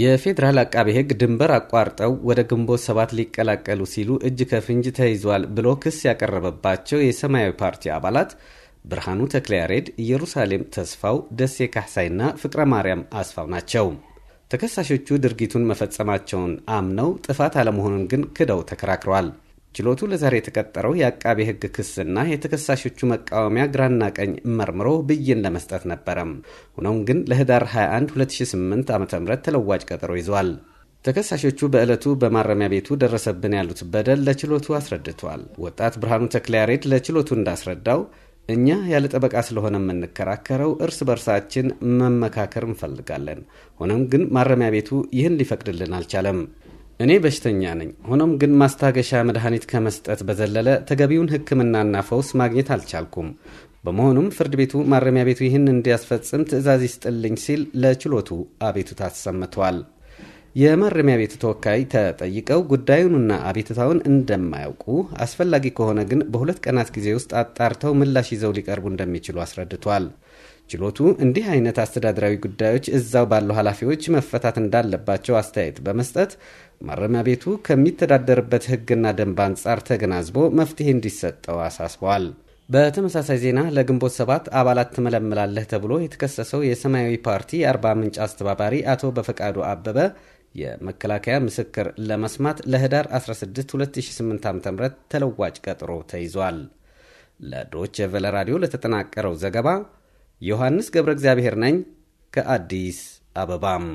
የፌዴራል አቃቤ ሕግ ድንበር አቋርጠው ወደ ግንቦት ሰባት ሊቀላቀሉ ሲሉ እጅ ከፍንጅ ተይዟል ብሎ ክስ ያቀረበባቸው የሰማያዊ ፓርቲ አባላት ብርሃኑ ተክለያሬድ፣ ኢየሩሳሌም ተስፋው፣ ደሴ ካሕሳይና ፍቅረ ማርያም አስፋው ናቸው። ተከሳሾቹ ድርጊቱን መፈጸማቸውን አምነው ጥፋት አለመሆኑን ግን ክደው ተከራክረዋል። ችሎቱ ለዛሬ የተቀጠረው የአቃቤ ሕግ ክስና የተከሳሾቹ መቃወሚያ ግራና ቀኝ መርምሮ ብይን ለመስጠት ነበረም። ሆኖም ግን ለህዳር 21 2008 ዓ ም ተለዋጭ ቀጠሮ ይዟል። ተከሳሾቹ በዕለቱ በማረሚያ ቤቱ ደረሰብን ያሉት በደል ለችሎቱ አስረድቷል። ወጣት ብርሃኑ ተክለያሬድ ለችሎቱ እንዳስረዳው እኛ ያለ ጠበቃ ስለሆነ የምንከራከረው እርስ በርሳችን መመካከር እንፈልጋለን። ሆኖም ግን ማረሚያ ቤቱ ይህን ሊፈቅድልን አልቻለም። እኔ በሽተኛ ነኝ። ሆኖም ግን ማስታገሻ መድኃኒት ከመስጠት በዘለለ ተገቢውን ሕክምናና ፈውስ ማግኘት አልቻልኩም። በመሆኑም ፍርድ ቤቱ ማረሚያ ቤቱ ይህን እንዲያስፈጽም ትዕዛዝ ይስጥልኝ ሲል ለችሎቱ አቤቱታ አሰምቷል። የማረሚያ ቤቱ ተወካይ ተጠይቀው ጉዳዩንና አቤትታውን እንደማያውቁ አስፈላጊ ከሆነ ግን በሁለት ቀናት ጊዜ ውስጥ አጣርተው ምላሽ ይዘው ሊቀርቡ እንደሚችሉ አስረድቷል። ችሎቱ እንዲህ አይነት አስተዳደራዊ ጉዳዮች እዛው ባሉ ኃላፊዎች መፈታት እንዳለባቸው አስተያየት በመስጠት ማረሚያ ቤቱ ከሚተዳደርበት ሕግና ደንብ አንጻር ተገናዝቦ መፍትሄ እንዲሰጠው አሳስበዋል። በተመሳሳይ ዜና ለግንቦት ሰባት አባላት ትመለምላለህ ተብሎ የተከሰሰው የሰማያዊ ፓርቲ የአርባ ምንጭ አስተባባሪ አቶ በፈቃዱ አበበ የመከላከያ ምስክር ለመስማት ለህዳር 16 2008 ዓ ም ተለዋጭ ቀጥሮ ተይዟል። ለዶች ቨለ ራዲዮ ለተጠናቀረው ዘገባ ዮሐንስ ገብረ እግዚአብሔር ነኝ ከአዲስ አበባም